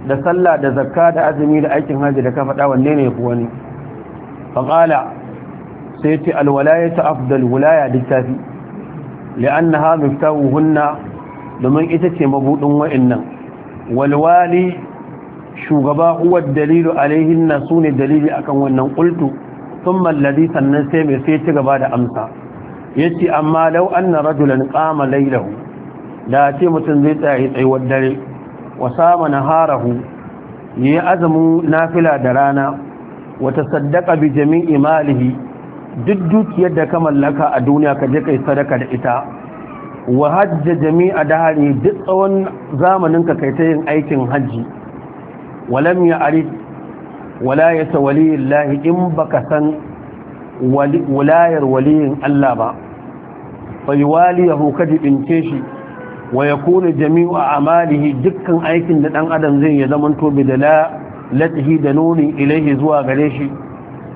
da sallah da zakka da azumi da aikin haji da ka faɗa wanne ne fi wani faƙala sai ce alwalaya ta afdal wulaya littafi li'anna ha miftahu hunna domin ita ce mabuɗin wa'innan walwali shugaba uwar dalilu alaihinna su ne dalili akan wannan kultu? sun mallari sannan sai mai sai ci gaba da amsa ya ce amma lau an na rajulan ƙama lailahu da ce mutum zai tsaye tsayuwar dare wa sama naharahu yayi azumin nafila da rana wata tasaddaqa bi malihi duk dukiyar da ka mallaka a duniya ka je kai sadaka da ita wa hajja jami'a dahari duk tsawon zamanin ka kai ta yin aikin hajji walam ya ari. wala ya tawali lahi in baka san wulayar waliyin Allah ba fa yuwaliyahu bince shi wa kone jami'u a amalihi dukkan aikin da dan adam zai ya zaman to bi dala latihi da nuni ilaihi zuwa gare shi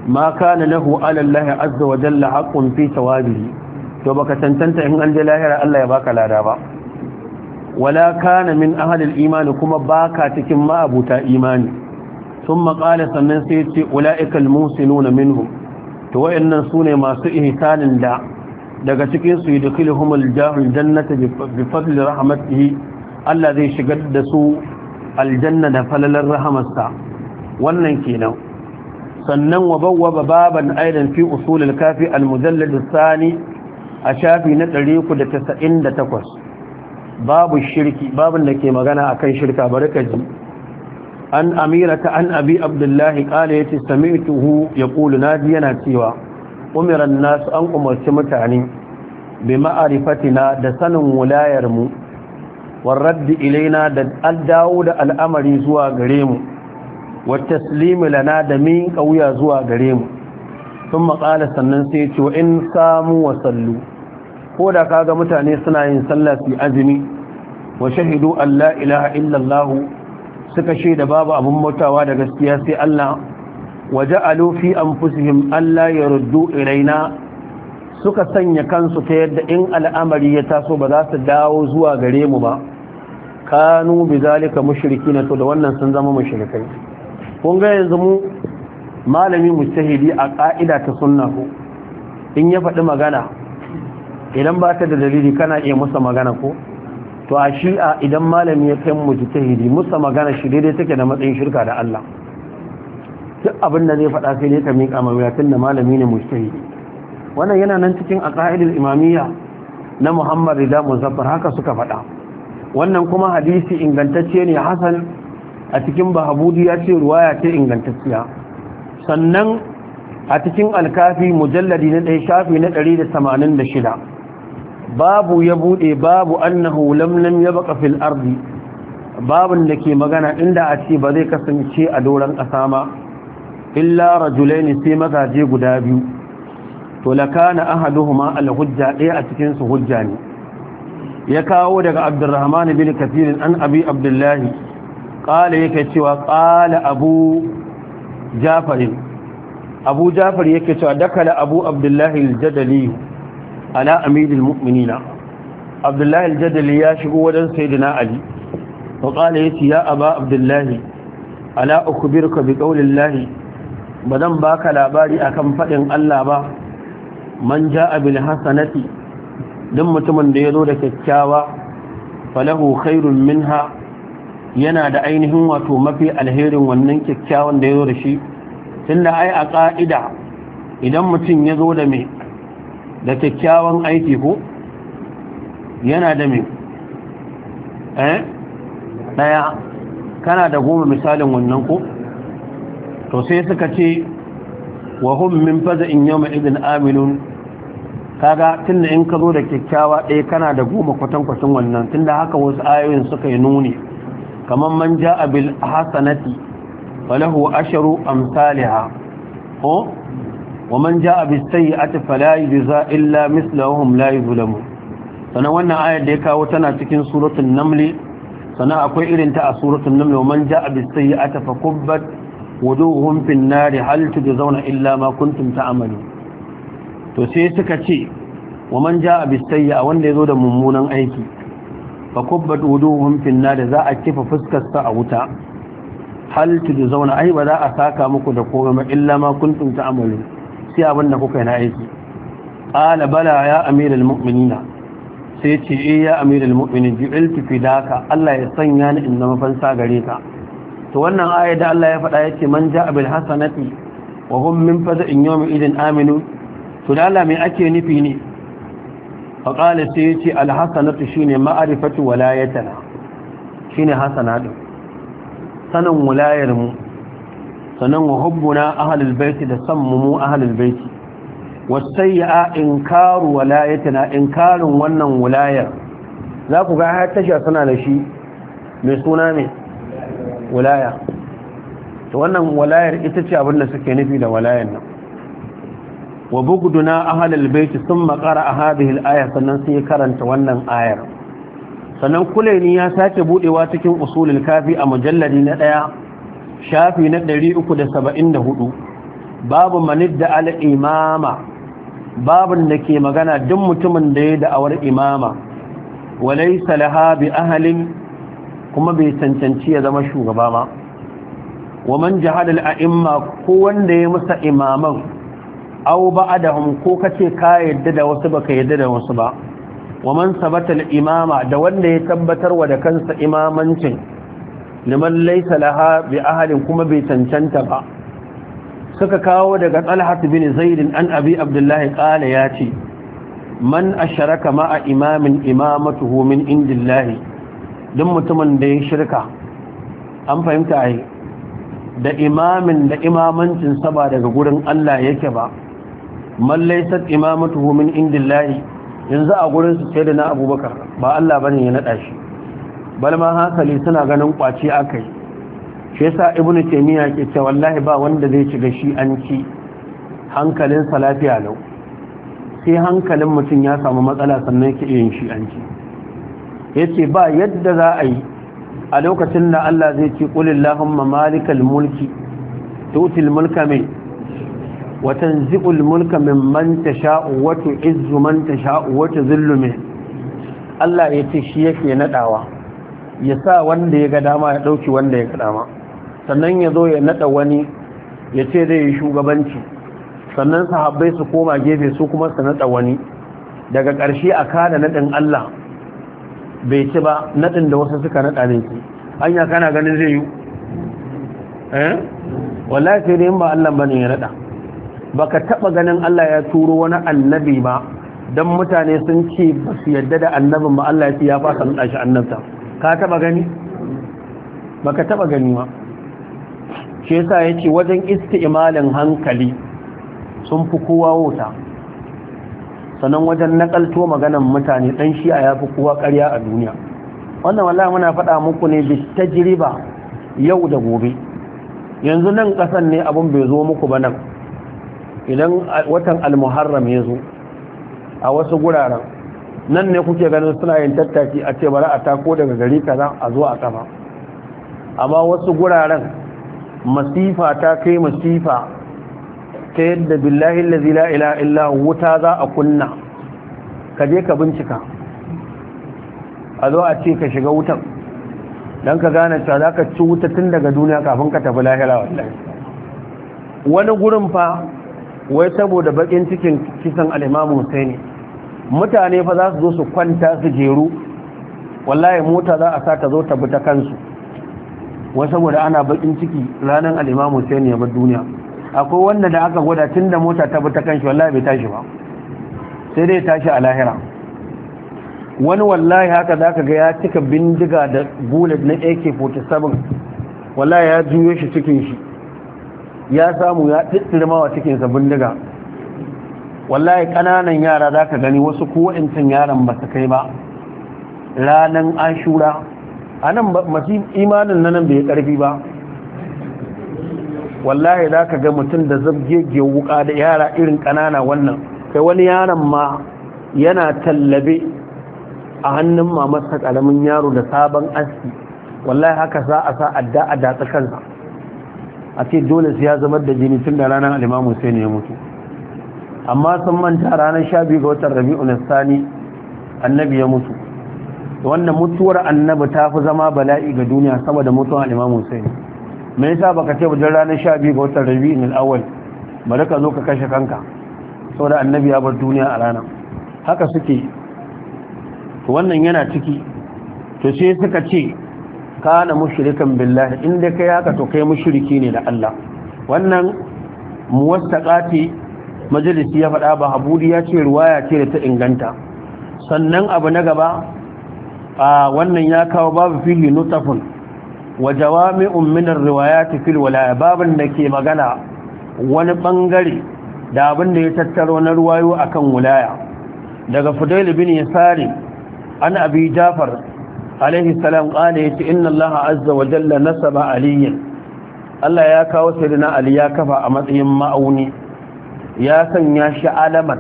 ma kana lahu ala Allah azza wa jalla haqqun fi thawabihi to baka tantanta in an je lahira Allah ya baka lada ba wala kana min ahli al-iman kuma baka cikin ma'abuta imani thumma qala sannan sai ce ulaika al-musinuna minhum to wayannan sune masu ihsanin da daga cikin su yudkhiluhum aljahul jannata bi fadli Allah zai shigar da su aljanna da falalar rahamarsa wannan kenan sannan wa bawwa baban aidan fi usul al-kafi al-mujallad ath-thani a shafi na 398 babu shirki babun da ke magana akan shirka barkaji an amirata an abi abdullahi qala yati sami'tuhu yaqulu nadi yana cewa umiran nasu an umarci mutane bi ma'arifatina da sanin wulayar mu warraddi ilaina da addawo da al'amari zuwa gare mu wattaslimi lana da min kauya zuwa gare mu sun maƙala sannan sai ce wa in samu wa sallu ko da kaga mutane suna yin sallafi azumi wa shahidu Allah ilaha illallahu suka shaida babu abin mutawa da gaskiya sai Allah waja'alu fi anfusihim alla yaruddu ilaina suka sanya kansu ta yadda in al'amari ya taso ba za su dawo zuwa gare mu ba kanu bizalika mushrikin to da wannan sun zama mushrikai kun ga yanzu mu malami mujtahidi a ka'ida ta sunna ko in ya faɗi magana idan ba ta da dalili kana iya musa magana ko to a shi'a idan malami ya kai mujtahidi musa magana shi daidai take da matsayin shirka da Allah duk abin da zai faɗa sai dai ka miƙa mawuyatun da malami ne mustahidi wannan yana nan cikin aqaidul imamiyya na Muhammad Rida Muzaffar haka suka faɗa wannan kuma hadisi ingantacce ne Hassan a cikin Bahabudi ya ce ruwaya ce ingantacciya sannan a cikin Alkafi mujalladi na ɗaya shafi na 186 babu ya bude babu annahu lam ya baka fil ardi babun da ke magana inda a ce ba zai kasance a doron ƙasa ma illa rajulaini sai mazaje guda biyu to lakana ahaduhuma al-hujja ɗaya a cikin su hujja ne ya kawo daga abdurrahman bin kathir an abi abdullah qala yake cewa qala abu jafar abu jafar yake cewa dakala abu abdullah al-jadali ala amir al-mu'minina abdullah al-jadali ya shigo wajen sayyidina ali wa qala yace ya aba abdullah ala ukhbiruka bi qawli allah ba zan baka labari a kan faɗin Allah ba man ja'a bil hasanati duk mutumin da ya zo da kyakkyawa falahu khairun minha yana da ainihin wato mafi alherin wannan kyakkyawan da ya zo da shi tunda ai a ƙa'ida idan mutum ya zo da mai, da kyakkyawan aiki ko yana da mai. eh kana da goma misalin wannan ko to sai suka ce wa hum min faza'in yawma idin aminun kaga tunda in ka zo da kyakkyawa ɗaya kana da goma kwatankwacin wannan tunda haka wasu ayoyin suka yi nuni kamar man ja bil hasanati falahu asharu amsalha ko wa man ja'a bis sayyi'ati fala yujza illa mislahum la yuzlamu sanan wannan ayar da ya kawo tana cikin suratul naml sanan akwai irin ta a suratul naml wa man ja'a bis sayyi'ati fakubbat wujuhum fin nari hal zauna illa ma ta ta'malu to sai suka ce wa man jaa bis a wanda ya zo da mummunan aiki Ba kubbat wujuhum fin nari za a kifa fuskar a wuta hal zauna, ai ba za a saka muku da komai illa ma ta ta'malu sai abinda kuka yi na aiki qala bala ya amiral mu'minina sai ce eh ya amiral mu'minin ji'iltu fidaka Allah ya sanya ni in zama fansa gare ka to wannan aya da Allah ya faɗa yace man ja'a bil hasanati wa hum min faza'in yawmi idin aminu to da Allah me ake nufi ne fa qala sai yace al hasanatu shine ma'rifatu walayatana shine hasana din sanin wulayar mu sanan wa hubbuna ahlul baiti da sammu mu ahlul baiti wasayya inkaru walayatana inkarin wannan wulayar za ku ga har tasha suna da shi mai suna ne walaya to wannan walayar ita ce abin da suke nufi da walayar nan wa bugduna ahlul bait thumma qara'a hadhihi al-aya sannan sai karanta wannan ayar sannan kulaini ya sake budewa cikin usulul kafi a mujalladi na daya shafi na 374 babu manidda al-imama babun da ke magana duk mutumin da ya da'awar imama walaysa laha bi ahlin kuma bai cancanci ya zama shugaba ba wa man jahada al'imma ko wanda ya musa imaman aw ba'adahum ko kace ka yadda da wasu baka yadda da wasu ba wa man sabata al'imama da wanda ya tabbatar wa da kansa imamancin liman laysa laha bi ahadin kuma bai cancanta ba suka kawo daga talha bin Zaid an Abi Abdullah qala yace man asharaka ma'a imamin imamatuhu min indillahi duk mutumin da ya shirka an fahimta ai da imamin da imamancin saba daga gurin Allah yake ba Mallai sat imamatu min indillahi yanzu a gurin su sai da na Abubakar ba Allah bane ya naɗa shi balma hankali suna ganin kwaci akai shi yasa ibnu taymiya ke cewa wallahi ba wanda zai shiga shi an ci hankalin salafiya lau sai hankalin mutum ya samu matsala sannan yake yin shi an ci yace ba yadda za a yi a lokacin da Allah zai ce kulillahumma malikal mulki tutil mulka min wa tanzi'ul mulka mimman tasha'u wa tu'izzu man tasha'u wa tuzillu min Allah yace shi yake nadawa ya sa wanda ya ga dama ya dauki wanda ya ga dama sannan ya zo ya nada wani ya ce zai yi shugabanci sannan sahabbai su koma gefe su kuma su nada wani daga ƙarshe a kada nadin Allah bai ci ba naɗin da wasu suka naɗa ne ki anya kana ganin zai yi eh wallahi sai dai ba Allah bane ya naɗa baka taba ganin Allah ya turo wani annabi ba dan mutane sun ce ba su yadda da annabin ba Allah ya ce ya fasa naɗa shi annabta ka taba gani baka taba gani ba shi yasa ce wajen isti'malin hankali sun fi kowa wuta sannan wajen nakalto maganan mutane dan shi'a ya fi kowa ƙarya a duniya wannan wallahi muna faɗa muku ne bi tajriba yau da gobe yanzu nan ƙasan ne abin bai zo muku ba nan idan watan almuharram ya zo a wasu guraren nan ne kuke ganin suna yin tattaki a ce bari a tako daga gari kaza a zo a kafa amma wasu guraren masifa ta kai masifa ta yadda billahi allazi la’ila illa wuta za a kunna ka je ka bincika a zo a ce ka shiga wutan Don ka gane cewa za ka ci wuta tun daga duniya kafin ka tafi lahira wallahi wani gurin fa wai saboda bakin cikin kisan alimamu sai ne mutane fa za su zo su kwanta su jeru wallahi mota za a sa ta zo ta bi ta kansu wai saboda ana bakin ciki ranar alimamu sai ne ya bar duniya akwai wanda da aka gwada tun da mota ta bi ta kanshi wallahi bai tashi ba sai dai tashi a lahira wani wallahi haka za ka ga ya cika bindiga da bullet na ak-47 wallahi ya juyo shi cikin shi ya samu ya wa cikinsa bindiga wallahi kananan yara za ka gani wasu kowa'incin yaran ba su kai ba ranar ashura a nan imanin nan bai karfi ba wallahi za ka ga mutum da zabgege wuka da yara irin ƙanana wannan sai wani yaron ma yana tallabe a hannun mamarsa ƙaramin yaro da sabon aski wallahi haka za a sa adda a datsa kansa a ce dole su ya zama da jini tun da ranar alimamu sai ne ya mutu amma sun manta ranar sha biyu ga watan rabi'un sani annabi ya mutu wannan mutuwar annabi ta fi zama bala'i ga duniya saboda mutuwar alimamu sai ne me yasa baka ce wajen ranar sha biyu ga watan Rabi'in al ba bari ka zo ka kashe kanka saboda annabi ya bar duniya a rana haka suke wannan yana ciki to sai suka ce kana mushirikan billahi inda ka yaka to kai mushriki ne da Allah wannan muwastaqati majalisi ya faɗa ba habudi ya ce ruwaya ce da ta inganta sannan abu na gaba a wannan ya kawo babu fili nutafun wa jawami'un min ar-riwayat fil walaya babin da ke magana wani bangare da abin da ya tattaro na ruwayo akan wilaya daga fudail bin yasari an abi jafar alaihi salam qala yace inna allah azza wa jalla nasaba aliyan allah ya kawo sirrina ali ya kafa a matsayin ma'auni ya sanya shi alaman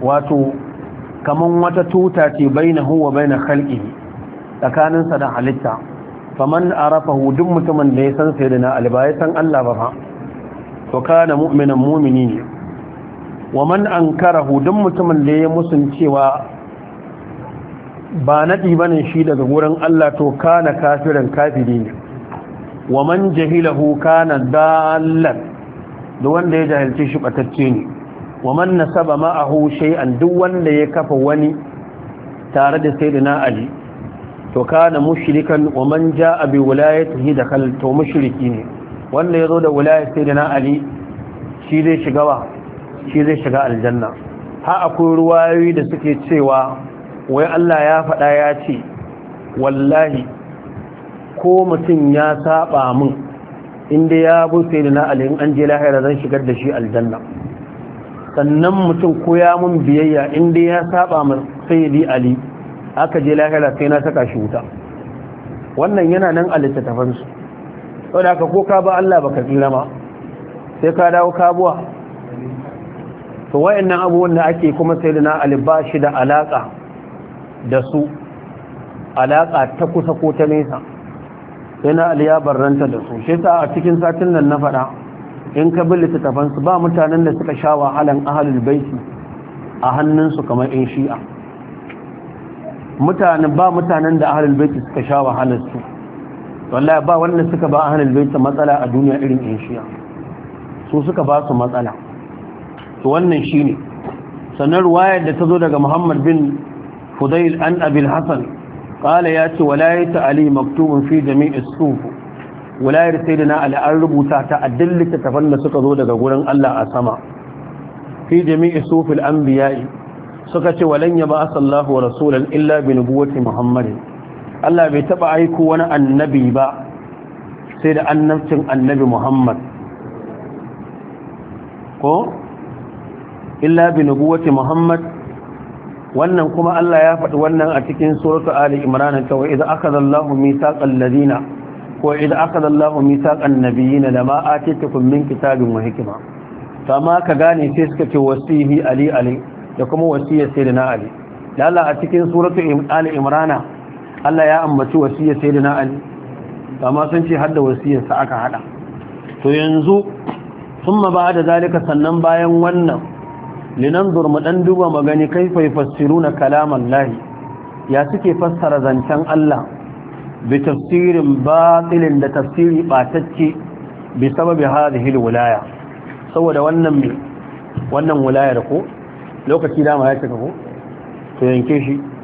wato kaman wata tuta ce bainahu wa bain khalqihi tsakaninsa da halitta faman arafahu duk mutumin da ya san sayyidina ali ba ya san Allah ba fa to kana mu'minan mu'mini ne wa man ankarahu duk mutumin da ya musun cewa ba ba bane shi daga wurin Allah to kana kafirin kafiri ne wa man jahilahu kana dallan da wanda ya jahilce shi batacce ne wa man nasaba ma'ahu shai'an duk wanda ya kafa wani tare da sayyidina ali to kana mushrikan wa man jaa bi wilayatihi dakal to mushriki ne wanda yazo da wilayat sayyidina ali shi zai shiga wa shi zai shiga aljanna ha akwai ruwayoyi da suke cewa wai Allah ya faɗa ya ce wallahi ko mutum ya saba min inda ya bu sayyidina ali in an je lahira zan shigar da shi aljanna sannan mutum ko ya mun biyayya inda ya saba min sayyidi ali aka je lahira sai na saka shi wuta wannan yana nan a littattafansu saboda ka ko ka ba Allah baka tsira ma sai ka dawo kabuwa to wayannan abubuwan da ake kuma sai da na albashi shi da alaka da su alaka ta kusa ko ta nesa sai na aliyabar ranta da su shi sa a cikin satin nan na faɗa in ka bin littattafansu ba mutanen da suka sha wahalan ahalul baiti a hannunsu kamar in shi'a mutanen ba mutanen da ahlul baiti suka sha wahalar su wallahi ba wanda suka ba ahlul baiti matsala a duniya irin inshiya su suka ba su matsala to wannan shine sanar wayar da ta zo daga Muhammad bin Fudayl an Abil Hasan qala ce walayat Ali maktubun fi jami'i suf walayar sayyidina Ali an rubuta ta a dillita tafan da suka zo daga gurin Allah a sama fi jami'i sufil anbiya'i suka ce walan ya ba asallahu wa rasulan illa bi nubuwati muhammadin Allah bai taba aiko wani annabi ba sai da annabcin annabi muhammad ko illa bi nubuwati muhammad wannan kuma Allah ya faɗi wannan a cikin suratul ali imran ta wa idza akhadha Allahu mithaqal ladina ko idza akhadha Allahu mithaqan nabiyina lama atitukum min kitabin wa hikma kama ka gane sai suka ce wasihi ali ali da kuma wasiyar na ali lalla a cikin suratu ali imrana Allah ya ambaci wasiyar na ali amma sun ce hadda wasiyar sa aka haɗa. to yanzu ba da zalika sannan bayan wannan linanzur mu dan duba magani fassiru na kalaman lahi ya suke fassara zancen Allah bi tafsirin batilin da tafsiri batacce bi sababi hadhihi alwilaya saboda wannan wannan wilayar ko lokaci dama ya cika ko to yanke shi